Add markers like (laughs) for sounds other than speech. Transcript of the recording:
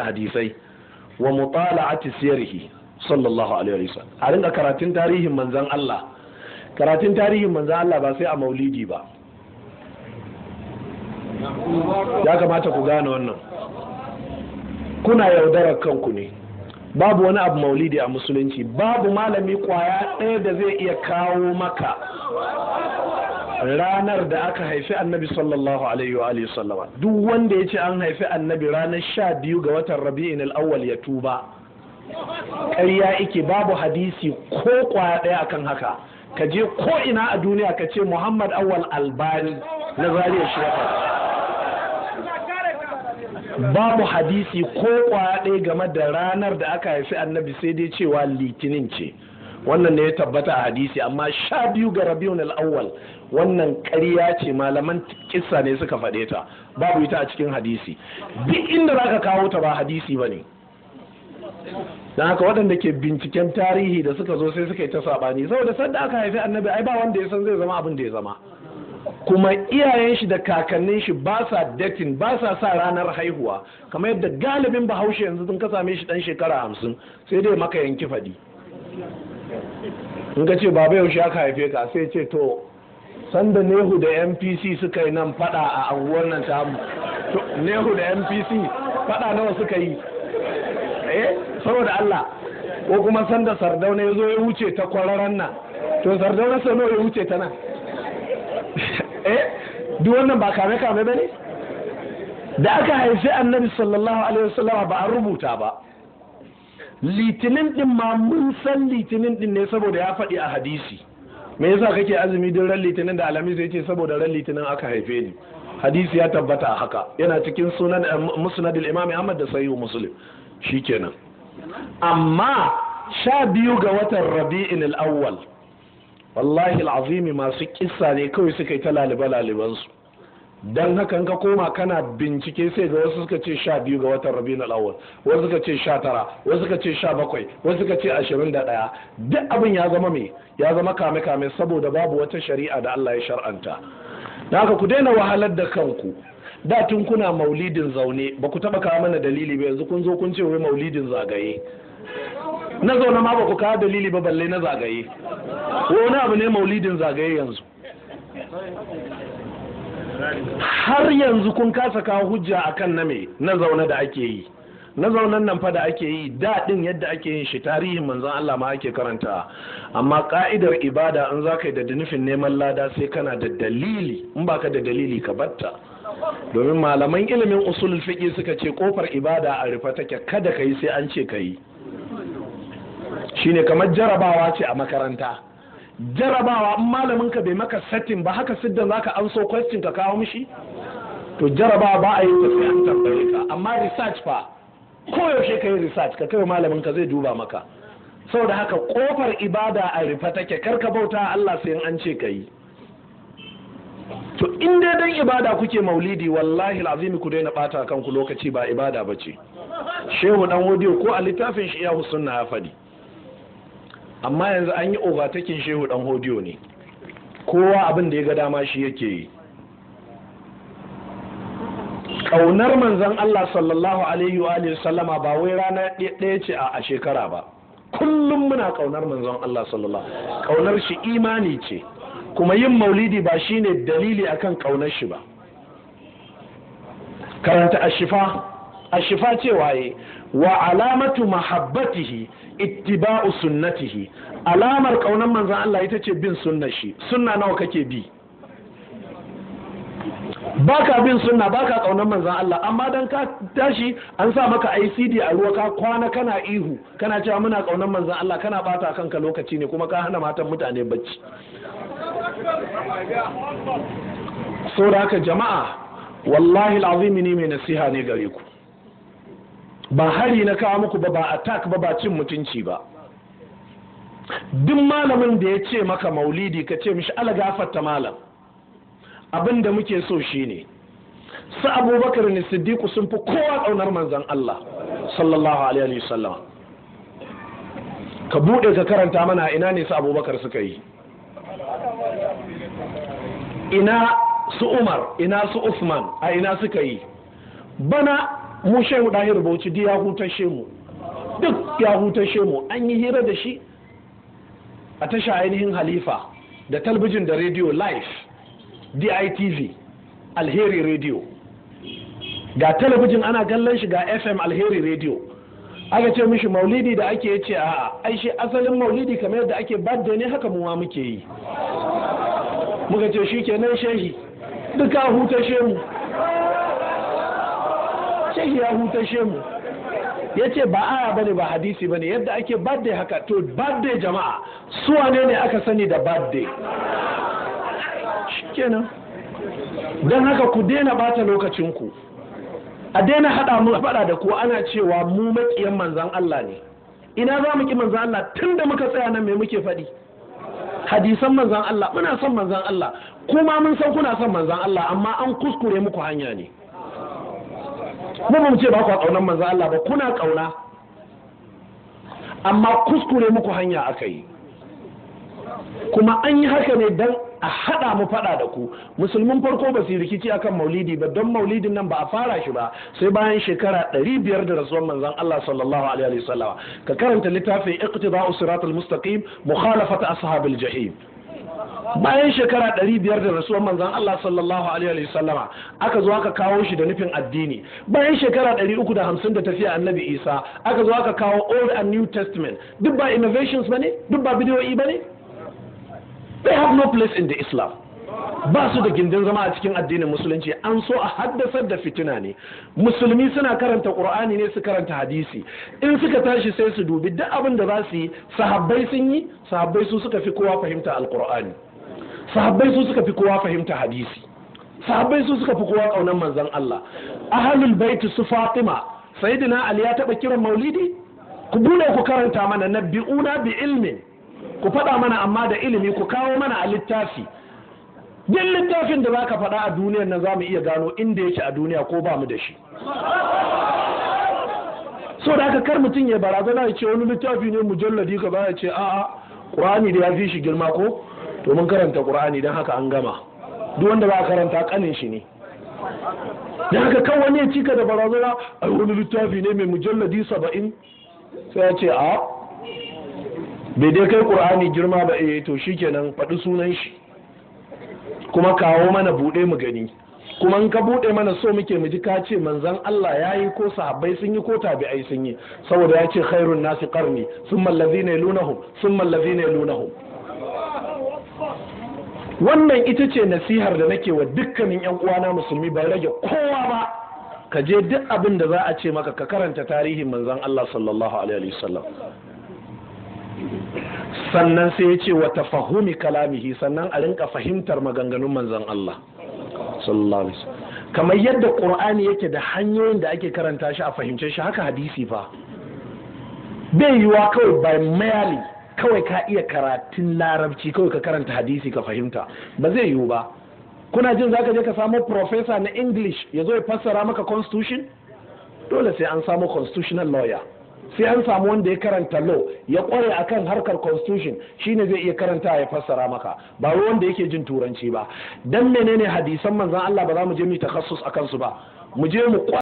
hadisai wa mutala'ati siyarhi sallallahu alaihi sallam. a rinka karatun tarihin manzon Allah karatun tarihin manzon Allah ba sai a maulidi ba ya kamata ku gane wannan kuna yaudarar kanku ne babu wani abu maulidi a musulunci babu malami kwaya ɗaya da zai iya kawo maka ranar da aka haifi annabi sallallahu alaihi wa alihi sallama duk wanda ya ce an haifi annabi ranar sha biyu ga watan rabi'in awal ya tuba ƙarya ike babu hadisi ko kwaya ɗaya akan haka kaje je ko ina a duniya kace muhammad awal albani na zariya shekar babu hadisi ko kwaya ɗaya game da ranar da aka haifi annabi sai dai cewa litinin ce wannan ne ya tabbata a hadisi amma sha biyu ga rabiun al'awwal wannan ƙarya ce malaman kissa ne suka faɗe ta babu ita a cikin hadisi duk inda ka kawo ta ba hadisi ba ne. Da haka waɗanda ke binciken tarihi da suka zo sai suka yi ta sabani saboda sanda aka haifi annabi ai ba wanda ya san zai zama abin da ya zama kuma iyayen shi da kakannin shi ba sa datin ba sa sa ranar haihuwa kamar yadda galibin bahaushe yanzu sun ka same shi dan shekara hamsin sai dai maka yanki faɗi in ka ce baba yaushe aka haife ka sai ce to sanda nehu da mpc suka yi nan fada a anguwar nan ta nehu da mpc fada nawa suka yi eh saboda allah ko kuma sanda sardauna ya zo ya wuce ta kwararan nan to sardauna sau nawa ya wuce ta nan (laughs) eh duk wannan ba kame kame ba ne da aka haifi annabi sallallahu alaihi wasallama ba an rubuta ba litinin din ma mun san litinin din ne saboda ya faɗi a hadisi me yasa kake azumi din ran litinin da alhamis ya ce saboda ran litinin aka haife ni hadisi ya tabbata haka yana cikin sunan eh, musnad imam Ahmad da sahihu muslim shikenan amma sha biyu ga watan rabi'in al-awwal wallahi al-azimi masu kissa ne kawai suka yi ta laliba lalibansu dan haka ka koma kana bincike sai ga wasu suka ce sha biyu ga watan rabi na awwal wasu suka ce sha tara wasu suka ce sha bakwai wasu suka ce ashirin da ɗaya duk abin ya zama me ya zama kame kame saboda babu wata shari'a da Allah ya shar'anta da haka ku daina wahalar da kanku da tun kuna maulidin zaune ba ku taba kawo mana dalili ba yanzu kun zo kun ce wai maulidin zagaye na zaune ma ba ku kawo dalili ba balle na zagaye wani abu ne maulidin zagaye yanzu har yanzu kun kasa kawo hujja akan na me na zaune da ake yi na zaunan nan fa da ake yi daɗin yadda ake yin shi tarihin manzon Allah ma ake karanta amma ka'idar ibada in za ka yi da nufin neman lada sai kana da dalili in ba ka da dalili ka batta domin malaman ilimin usul fiƙi suka ce ƙofar ibada a rufe take kada ka yi sai an ce ka yi shine kamar jarabawa ce a makaranta jarabawa in malamin ka bai maka satin ba haka siddan zaka amso question ka kawo mishi to jarabawa ba a yi ta sai an tambaye ka amma research fa koyaushe ka yi research ka kai malamin ka zai duba maka saboda haka kofar ibada a rufe take ka bauta Allah sai an ce ka yi to in dai dan ibada kuke maulidi wallahi alazimi ku daina bata kanku lokaci ba ibada bace shehu dan wodiyo ko a littafin shi ya husunna ya fadi amma yanzu an yi overtaking shehu dan hodiyo ne kowa abin da ya ga dama shi yake yi ƙaunar manzon Allah sallallahu alaihi wa sallama ba wai rana ɗaya ce a shekara ba kullum muna ƙaunar manzon Allah sallallahu ƙaunar shi imani ce kuma yin maulidi ba shine dalili akan ƙaunar shi ba karanta ashifa ashifa ce waye wa alamatu mahabbatihi ittiba'u sunnatihi alamar kaunan manzan Allah ita ce bin sunnar shi sunna nawa kake bi baka bin sunna baka kaunan manzan Allah amma dan ka tashi an sa maka ICD a ruwa ka kwana kana ihu kana cewa muna kaunan manzan Allah kana bata kanka lokaci ne kuma ka hana matan mutane bacci saboda haka jama'a wallahi alazimi ne mai nasiha ne gare ku ba hari na kawo muku ba ba attack ba ba cin mutunci ba duk malamin da ya ce maka maulidi ka ce mishi ala gafarta malam abin da muke so shi ne. su abubakar ne siddiku sun fi kowa ƙaunar manzan Allah sallallahu alaihi wasallam ka buɗe ka karanta mana ina ne su abubakar suka yi ina su umar ina su usman a ina suka yi bana mu shehu ya rubuci duk ya hutashe mu duk ya hutashe mu an yi hira da shi a tasha ainihin halifa da talbijin da rediyo live ditv alheri rediyo ga talabijin ana kallon shi ga fm alheri rediyo aka ce mishi maulidi da ake ce a ai shi asalin maulidi kamar yadda ake da ne haka muwa muke yi muka ce shi kenan shehi duka hutashe mu shehi ya hutashe mu ya ce ba aya ba ne ba hadisi ba ne yadda ake birthday haka to birthday jama'a su wane ne aka sani da birthday kenan don haka ku daina bata lokacinku a daina haɗa mu faɗa da ku ana cewa mu maƙiyan manzan Allah ne ina za mu ki manzan Allah tun da muka tsaya nan me muke faɗi hadisan manzan Allah muna son manzan Allah kuma mun san kuna son manzan Allah amma an kuskure muku hanya ne mu mu ce ba ku kaunar manzo Allah ba kuna kauna amma kuskure muku hanya aka yi kuma an yi haka ne don a haɗa mu faɗa da ku musulmin farko ba su rikici akan maulidi ba don maulidin nan ba a fara shi ba sai bayan shekara ɗari biyar da rasuwar manzon Allah sallallahu alaihi wasallam ka karanta littafin iqtida'us siratal mustaqim mukhalafata ashabil jahim bayan shekara ɗari biyar da rasuwar manzan, Allah sallallahu alaihi sallama aka zo aka kawo shi da nufin addini bayan shekara ɗari uku da hamsin da tafiya annabi Isa aka zo aka kawo Old and New Testament duk ba innovations ba ne? duk ba bidiyoyi ba ne? they have no place in the Islam ba su da gindin zama a cikin addinin musulunci an so a haddasar da fitina ne musulmi suna karanta ƙur'ani ne su karanta hadisi in suka tashi sai su dubi duk abin da za su yi sahabbai sun yi sahabbai su suka fi kowa fahimta alqur'ani sahabbai su suka fi kowa fahimta hadisi sahabbai su suka fi kowa kaunar manzon Allah ahlul bait su Fatima sayyidina Ali ya taba kiran maulidi ku bude ku karanta mana nabiuna bi ilmin ku faɗa mana amma da ilimi ku kawo mana a littafi duk littafin da zaka faɗa a duniyar nan zamu iya gano inda yake a duniya ko ba mu da shi so da haka kar mutum ya barazana ya ce wani littafi ne mujalladi ka ba ya ce a'a Qur'ani da ya fi shi girma ko to karanta qur'ani dan haka an gama duk wanda ba karanta kanin shi ne da haka kan wani ya cika da barazana a wani littafi ne mai mujalladi saba'in sai ya ce a bai dai kai ƙur'ani girma ba eh to shi shikenan faɗi sunan shi kuma kawo mana buɗe mu gani kuma in ka buɗe mana so muke mu ji ka ce manzon Allah ya yi ko sahabbai sun yi ko tabi'ai sun yi saboda ya ce khairun nasi qarni thumma allazina yalunahum thumma allazina yalunahum wannan ita ce nasihar da nake wa dukkanin yan uwana musulmi ban rage kowa ba ka je duk abin da za a ce maka ka karanta tarihin manzan Allah sallallahu alaihi wasallam sannan sai ya ce wa tafahumi kalamihi sannan a rinka fahimtar maganganun manzan Allah sallallahu alaihi wasallam kamar yadda qur'ani yake da hanyoyin da ake karanta shi a fahimce shi haka hadisi fa bai yiwa kawai by merely kawai ka iya karatun larabci kawai ka karanta hadisi ka fahimta ba zai yiwu ba kuna jin zaka je ka samu professor na english ya zo ya fassara maka constitution dole sai an samu constitutional lawyer sai an samu wanda ya karanta law ya kware akan harkar constitution ne zai iya karanta ya fassara maka ba wanda yake jin turanci ba dan menene hadisan manzon Allah ba za mu je mu takassus akan su ba mu je mu